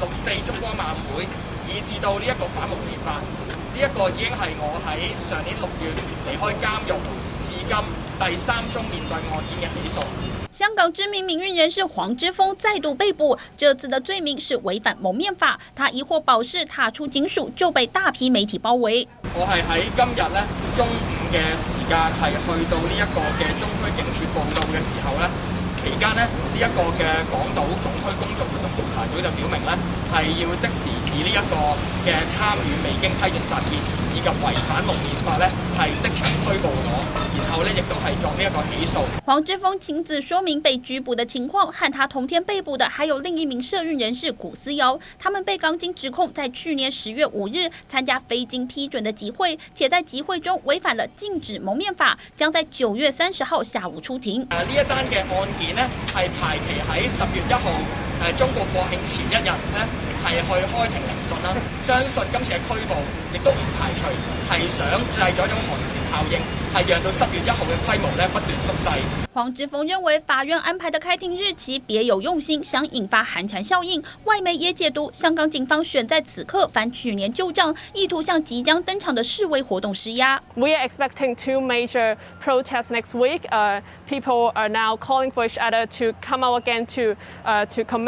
六四燭光晚會，以至到呢一個反蒙面法呢一個已經係我喺上年六月離開監獄至今第三宗面對案件嘅起訴。香港知名民運人士黃之鋒再度被捕，這次的罪名是違反蒙面法。他疑獲保釋踏出警署，就被大批媒體包圍。我係喺今日咧中午嘅時間，係去到呢一個嘅中區警署報到嘅時候咧。期間呢，呢、這、一個嘅港島總區公眾活動調查組就表明呢係要即時以呢一個嘅參與未經批准集結以及違反蒙面法呢，係即場拘捕咗，然後呢亦都係作呢一個起訴。黃之鋒親自說明被拘捕的情況，和他同天被捕的還有另一名社運人士古思堯，他們被港警指控在去年十月五日參加非經批准的集會，且在集會中違反了禁止蒙面法，將在九月三十號下午出庭。啊，呢一單嘅案件。件係排期喺十月一號。啊、中國國慶前一日呢，係去開庭聆訊啦。相信今次嘅拘捕，亦都唔排除係想製咗一種寒蟬效應，係讓到十月一號嘅規模呢不斷縮細。黃之鋒認為法院安排的開庭日期別有用心，想引發寒蟬效應。外媒也解讀香港警方選在此刻翻去年舊帳，意圖向即將登場的示威活動施壓。We are expecting two major protests next week.、Uh, people are now calling for each other to come out again to u、uh, to com